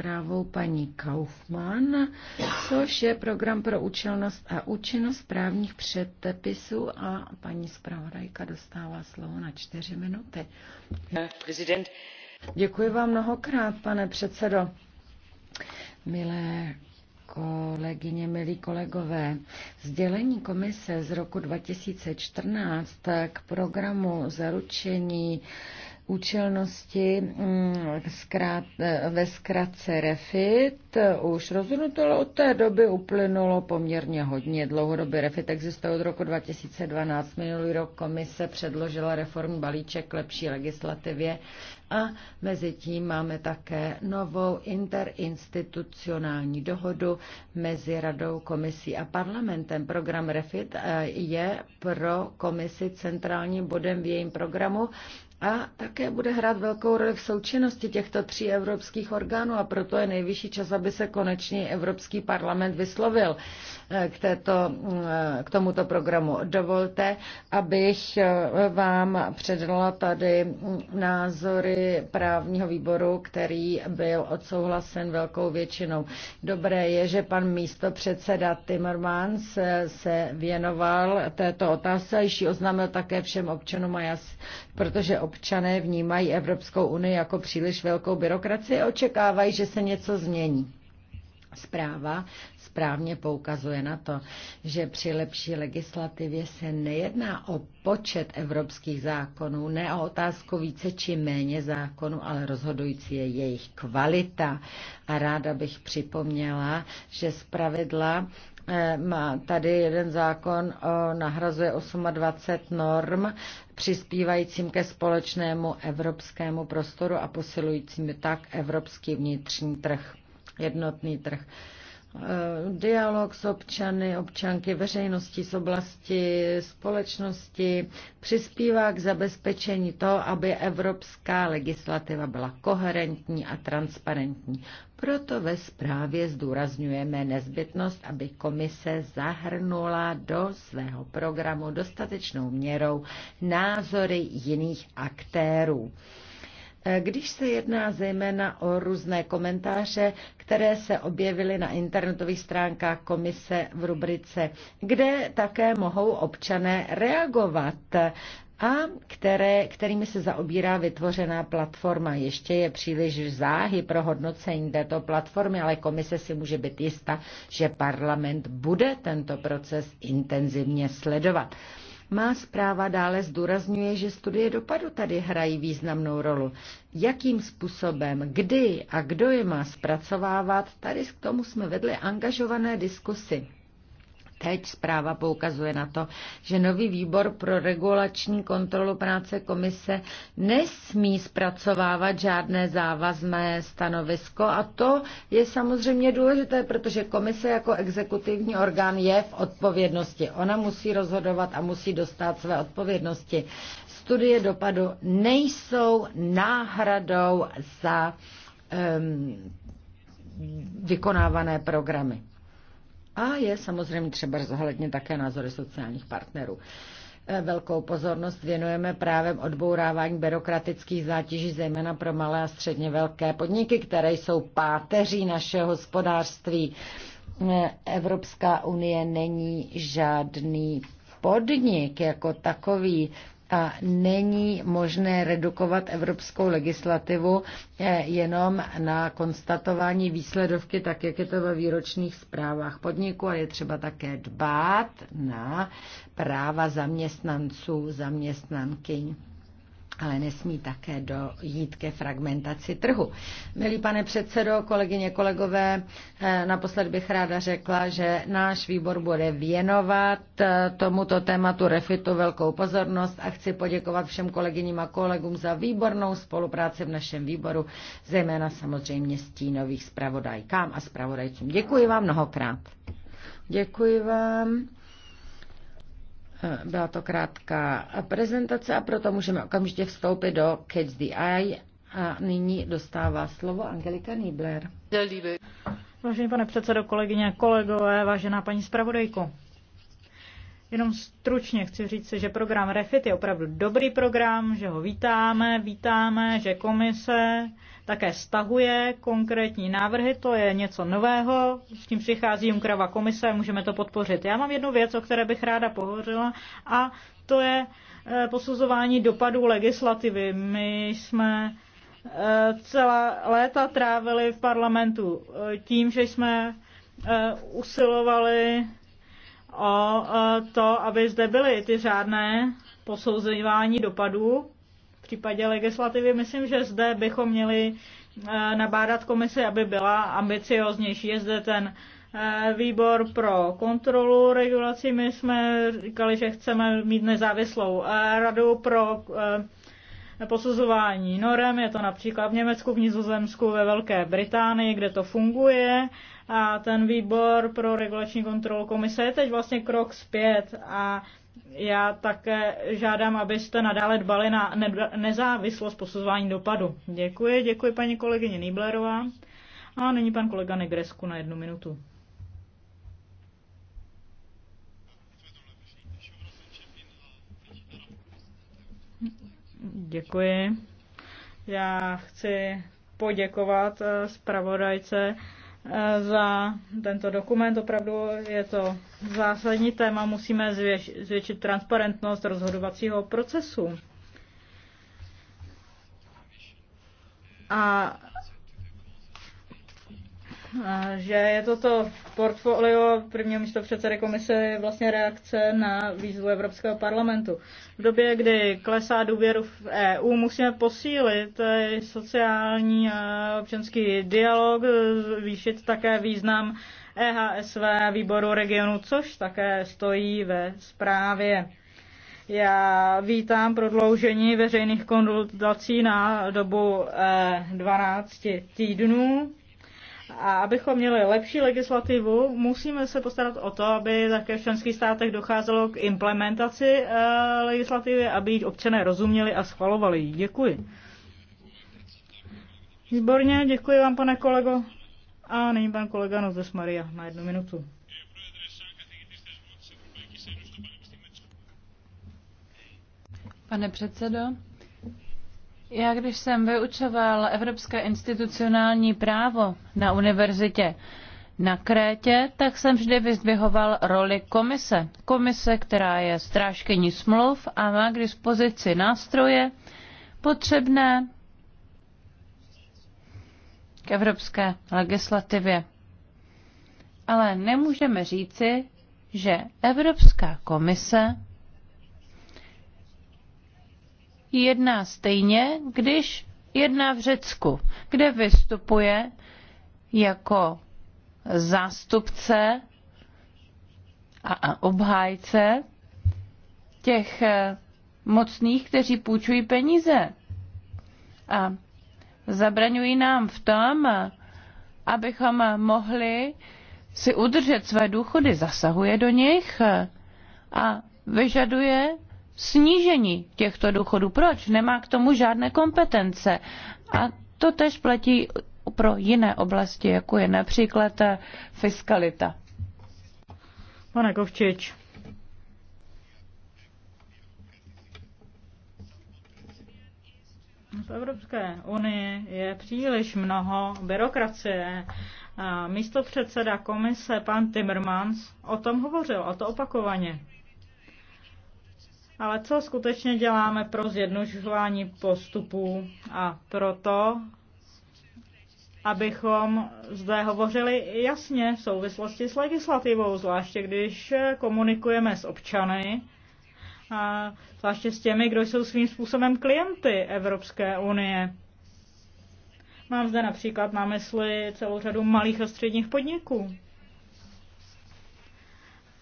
zprávou paní Kaufmann, což je program pro účelnost a účinnost právních předpisů a paní zpravodajka dostává slovo na čtyři minuty. Prezident. Děkuji vám mnohokrát, pane předsedo. Milé kolegyně, milí kolegové. Sdělení komise z roku 2014 k programu zaručení účelnosti mm, eh, ve zkratce REFIT eh, už rozhodnuto, ale od té doby uplynulo poměrně hodně. Dlouhodobě REFIT existuje od roku 2012. Minulý rok komise předložila reformní balíček k lepší legislativě a mezi tím máme také novou interinstitucionální dohodu mezi radou, komisí a parlamentem. Program REFIT eh, je pro komisi centrálním bodem v jejím programu a také bude hrát velkou roli v součinnosti těchto tří evropských orgánů a proto je nejvyšší čas, aby se konečně Evropský parlament vyslovil eh, k, této, eh, k tomuto programu. Dovolte, abych eh, vám předala tady názory právního výboru, který byl odsouhlasen velkou většinou. Dobré je, že pan místo předseda Timmermans se věnoval této otázce a již ji oznámil také všem občanům a jas, protože občané vnímají Evropskou unii jako příliš velkou byrokracii a očekávají, že se něco změní. Zpráva správně poukazuje na to, že při lepší legislativě se nejedná o počet evropských zákonů, ne o otázku více či méně zákonů, ale rozhodující je jejich kvalita. A ráda bych připomněla, že zpravidla Eh, má tady jeden zákon, eh, nahrazuje 28 norm přispívajícím ke společnému evropskému prostoru a posilujícím tak evropský vnitřní trh, jednotný trh. Eh, dialog s občany, občanky, veřejnosti z oblasti společnosti přispívá k zabezpečení toho, aby evropská legislativa byla koherentní a transparentní. Proto ve zprávě zdůrazňujeme nezbytnost, aby komise zahrnula do svého programu dostatečnou měrou názory jiných aktérů. Eh, když se jedná zejména o různé komentáře, které se objevily na internetových stránkách komise v rubrice, kde také mohou občané reagovat a které, kterými se zaobírá vytvořená platforma. Ještě je příliš záhy pro hodnocení této platformy, ale komise si může být jista, že parlament bude tento proces intenzivně sledovat. Má zpráva dále zdůrazňuje, že studie dopadu tady hrají významnou rolu. Jakým způsobem, kdy a kdo je má zpracovávat, tady k tomu jsme vedli angažované diskusy. Teď zpráva poukazuje na to, že nový výbor pro regulační kontrolu práce komise nesmí zpracovávat žádné závazné stanovisko a to je samozřejmě důležité, protože komise jako exekutivní orgán je v odpovědnosti. Ona musí rozhodovat a musí dostat své odpovědnosti. Studie dopadu nejsou náhradou za um, vykonávané programy. A je samozřejmě třeba zohlednit také názory sociálních partnerů. E, velkou pozornost věnujeme právě odbourávání byrokratických zátěží, zejména pro malé a středně velké podniky, které jsou páteří našeho hospodářství. E, Evropská unie není žádný podnik jako takový a není možné redukovat evropskou legislativu eh, jenom na konstatování výsledovky, tak jak je to ve výročních zprávách podniku a je třeba také dbát na práva zaměstnanců, zaměstnankyň ale nesmí také dojít ke fragmentaci trhu. Milý pane předsedo, kolegyně, kolegové, eh, naposled bych ráda řekla, že náš výbor bude věnovat eh, tomuto tématu refitu velkou pozornost a chci poděkovat všem kolegyním a kolegům za výbornou spolupráci v našem výboru, zejména samozřejmě stínových zpravodajkám a zpravodajcům. Děkuji vám mnohokrát. Děkuji vám. Byla to krátká prezentace a proto můžeme okamžitě vstoupit do Catch the Eye a nyní dostává slovo Angelika Niebler. Vážený pane předsedo, kolegyně, kolegové, vážená paní zpravodajko. Jenom stručně chci říct, že program REFIT je opravdu dobrý program, že ho vítáme, vítáme, že komise také stahuje konkrétní návrhy, to je něco nového, s tím přichází Junkrava komise, můžeme to podpořit. Já mám jednu věc, o které bych ráda pohořila a to je eh, posuzování dopadů legislativy. My jsme eh, celá léta trávili v parlamentu eh, tím, že jsme usilovali o to, aby zde byly ty řádné posouzování dopadů v případě legislativy. Myslím, že zde bychom měli e, nabádat komisi, aby byla ambicioznější. Je zde ten e, výbor pro kontrolu regulací. My jsme říkali, že chceme mít nezávislou e, radu pro posuzování norem. Je to například v Německu, v Nizozemsku, ve Velké Británii, kde to funguje. A ten výbor pro regulační kontrolu komise je teď vlastně krok zpět a já také žádám, abyste nadále dbali na nezávislost posuzování dopadu. Děkuji, děkuji paní kolegyně Nýblerová. A nyní pan kolega Negresku na jednu minutu. Děkuji. Já chci poděkovat eh, zpravodajce Eh, za tento dokument. Opravdu je to zásadní téma. Musíme zvětšit transparentnost rozhodovacího procesu. A že je toto portfolio prvního místo předsedy komise je vlastně reakce na výzvu Evropského parlamentu. V době, kdy klesá důvěru v EU, musíme posílit eh, sociální a občanský dialog, zvýšit také význam EHSV výboru regionu, což také stojí ve zprávě. Já vítám prodloužení veřejných konzultací na dobu 12 eh, týdnů a abychom měli lepší legislativu, musíme se postarat o to, aby také v členských státech docházelo k implementaci eh, legislativy, aby ji občané rozuměli a schvalovali. Děkuji. Výborně, děkuji vám, pane kolego. A nyní pan kolega Nozes Maria na jednu minutu. Pane předsedo, já když jsem vyučoval evropské institucionální právo na univerzitě na Krétě, tak jsem vždy vyzdvihoval roli komise. Komise, která je strážkyní smluv a má k dispozici nástroje potřebné k evropské legislativě. Ale nemůžeme říci, že Evropská komise jedná stejně, když jedná v Řecku, kde vystupuje jako zástupce a obhájce těch eh, mocných, kteří půjčují peníze. A zabraňují nám v tom, abychom mohli si udržet své důchody, zasahuje do nich a vyžaduje snížení těchto důchodů. Proč? Nemá k tomu žádné kompetence. A to tež platí pro jiné oblasti, jako je například eh, fiskalita. Pane Kovčič. V Evropské unii je příliš mnoho byrokracie. Místo předseda komise pan Timmermans o tom hovořil, a to opakovaně ale co skutečně děláme pro zjednodušování postupů a proto, abychom zde hovořili jasně v souvislosti s legislativou, zvláště když komunikujeme s občany, a zvláště s těmi, kdo jsou svým způsobem klienty Evropské unie. Mám zde například na mysli celou řadu malých a středních podniků.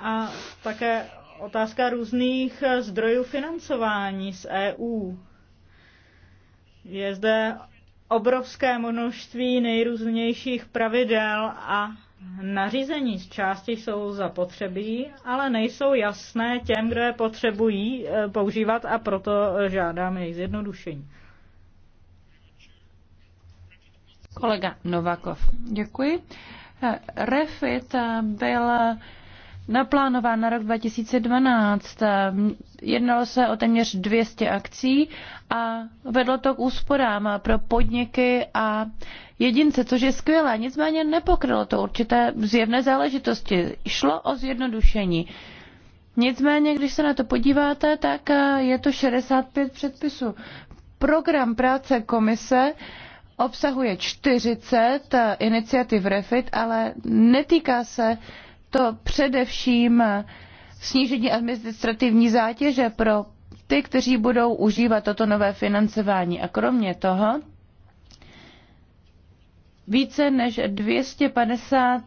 A také otázka různých eh, zdrojů financování z EU. Je zde obrovské množství nejrůznějších pravidel a nařízení z části jsou zapotřebí, ale nejsou jasné těm, kdo je potřebují eh, používat a proto žádám jejich zjednodušení. Kolega Novakov, děkuji. Eh, Refit byl naplánován na rok 2012. Jednalo se o téměř 200 akcí a vedlo to k úsporám pro podniky a jedince, což je skvělé. Nicméně nepokrylo to určité zjevné záležitosti. Šlo o zjednodušení. Nicméně, když se na to podíváte, tak je to 65 předpisů. Program práce komise obsahuje 40 iniciativ REFIT, ale netýká se to především snížení administrativní zátěže pro ty, kteří budou užívat toto nové financování. A kromě toho více než 250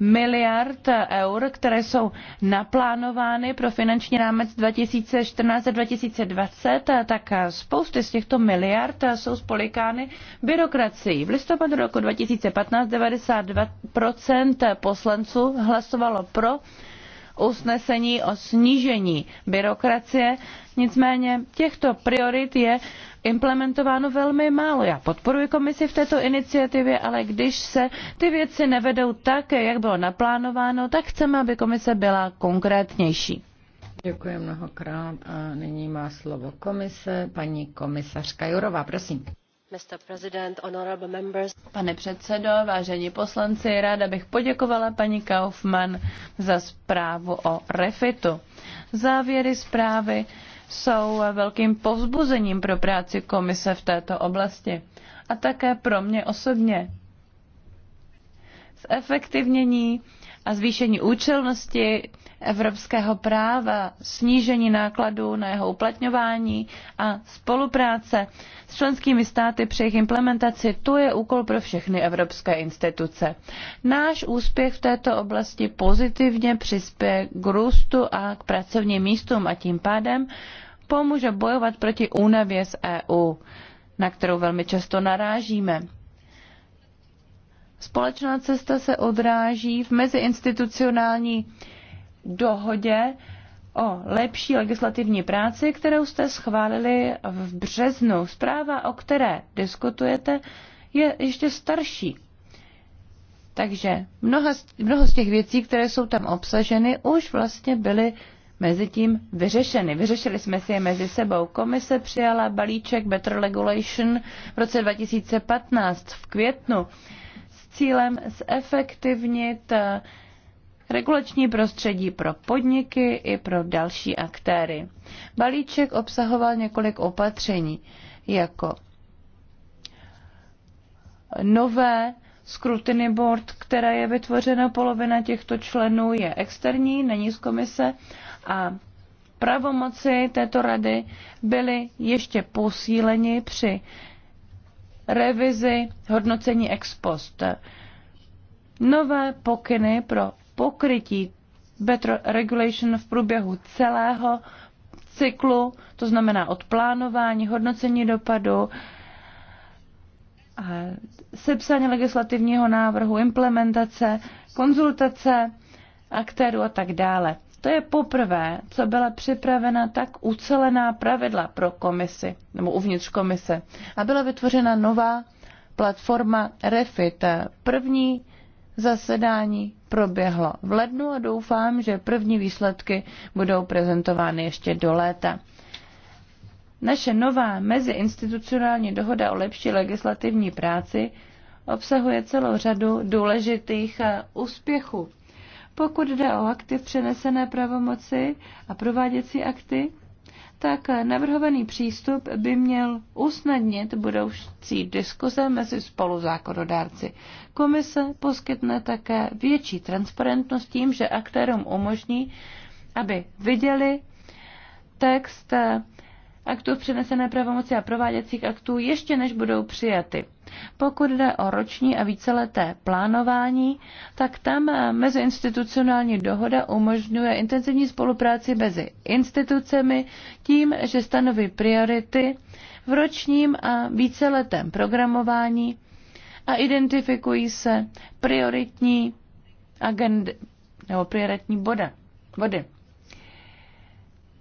miliard eur, které jsou naplánovány pro finanční rámec 2014 a 2020, tak spousty z těchto miliard jsou spolikány byrokracií. V listopadu roku 2015 92% poslanců hlasovalo pro usnesení o snížení byrokracie, nicméně těchto priorit je implementováno velmi málo. Já podporuji komisi v této iniciativě, ale když se ty věci nevedou tak, jak bylo naplánováno, tak chceme, aby komise byla konkrétnější. Děkuji mnohokrát a nyní má slovo komise, paní komisařka Jurová, prosím. Pane předsedo, vážení poslanci, ráda bych poděkovala paní Kaufmann za zprávu o refitu. Závěry zprávy jsou velkým povzbuzením pro práci komise v této oblasti a také pro mě osobně. Zefektivnění a zvýšení účelnosti evropského práva, snížení nákladů na jeho uplatňování a spolupráce s členskými státy při jejich implementaci, to je úkol pro všechny evropské instituce. Náš úspěch v této oblasti pozitivně přispěje k růstu a k pracovním místům a tím pádem pomůže bojovat proti únavě z EU, na kterou velmi často narážíme. Společná cesta se odráží v meziinstitucionální dohodě o lepší legislativní práci, kterou jste schválili v březnu. Zpráva, o které diskutujete, je ještě starší. Takže mnoha, mnoho z těch věcí, které jsou tam obsaženy, už vlastně byly mezi tím vyřešeny. Vyřešili jsme si je mezi sebou. Komise přijala balíček Better Regulation v roce 2015 v květnu s cílem zefektivnit eh, regulační prostředí pro podniky i pro další aktéry. Balíček obsahoval několik opatření, jako nové scrutiny board, které je vytvořeno polovina těchto členů, je externí, není z komise a pravomoci této rady byly ještě posíleni při revizi hodnocení ex post. Nové pokyny pro pokrytí better regulation v průběhu celého cyklu, to znamená od plánování, hodnocení dopadu, sepsání legislativního návrhu, implementace, konzultace aktérů a tak dále. To je poprvé, co byla připravena tak ucelená pravidla pro komisi, nebo uvnitř komise. A byla vytvořena nová platforma Refit, první Zasedání proběhlo v lednu a doufám, že první výsledky budou prezentovány ještě do léta. Naše nová meziinstitucionální dohoda o lepší legislativní práci obsahuje celou řadu důležitých eh, úspěchů. Pokud jde o akty v přenesené pravomoci a prováděcí akty, tak navrhovaný přístup by měl usnadnit budoucí diskuze mezi spoluzákonodárci. Komise poskytne také větší transparentnost tím, že aktérům umožní, aby viděli text aktů přenesené pravomoci a prováděcích aktů ještě než budou přijaty. Pokud jde o roční a víceleté plánování, tak tam eh, meziinstitucionální dohoda umožňuje intenzivní spolupráci mezi institucemi tím, že stanoví priority v ročním a víceletém programování a identifikují se prioritní agendy nebo prioritní body.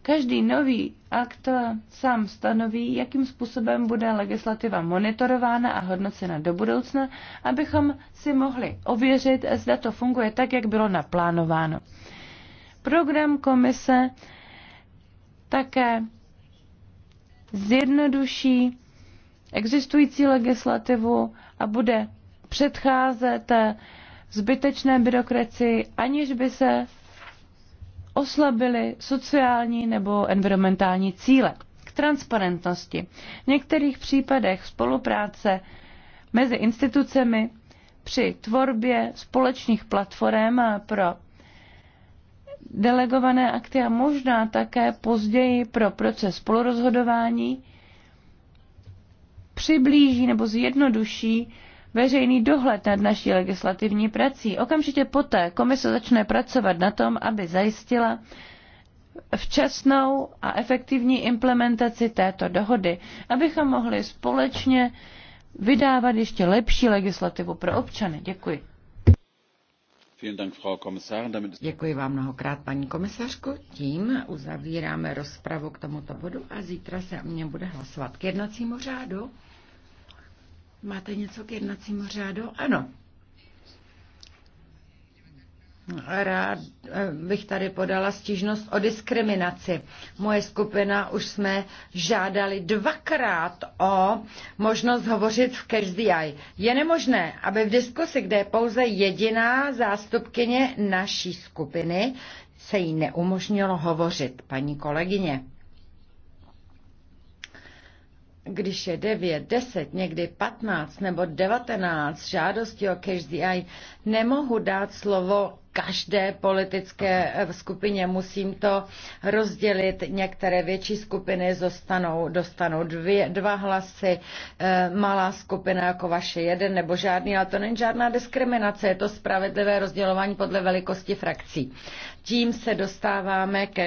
Každý nový akt sám stanoví, jakým způsobem bude legislativa monitorována a hodnocena do budoucna, abychom si mohli ověřit, zda to funguje tak, jak bylo naplánováno. Program komise také zjednoduší existující legislativu a bude předcházet zbytečné byrokracii, aniž by se oslabily sociální nebo environmentální cíle. K transparentnosti. V některých případech spolupráce mezi institucemi při tvorbě společných platform pro delegované akty a možná také později pro proces spolurozhodování přiblíží nebo zjednoduší veřejný dohled nad naší legislativní prací. Okamžitě poté komise začne pracovat na tom, aby zajistila včasnou a efektivní implementaci této dohody, abychom mohli společně vydávat ještě lepší legislativu pro občany. Děkuji. Děkuji vám mnohokrát, paní komisařko. Tím uzavíráme rozpravu k tomuto bodu a zítra se o mě bude hlasovat k jednacímu řádu. Máte něco k jednacímu řádu? Ano. Rád eh, bych tady podala stížnost o diskriminaci. Moje skupina už jsme žádali dvakrát o možnost hovořit v Catch Je nemožné, aby v diskusi, kde je pouze jediná zástupkyně naší skupiny, se jí neumožnilo hovořit, paní kolegyně když je 9, 10, někdy 15 nebo 19 žádostí o cash DI, nemohu dát slovo každé politické eh, skupině. Musím to rozdělit. Některé větší skupiny zostanou, dostanou dvě, dva hlasy, eh, malá skupina jako vaše jeden nebo žádný, ale to není žádná diskriminace, je to spravedlivé rozdělování podle velikosti frakcí. Tím se dostáváme ke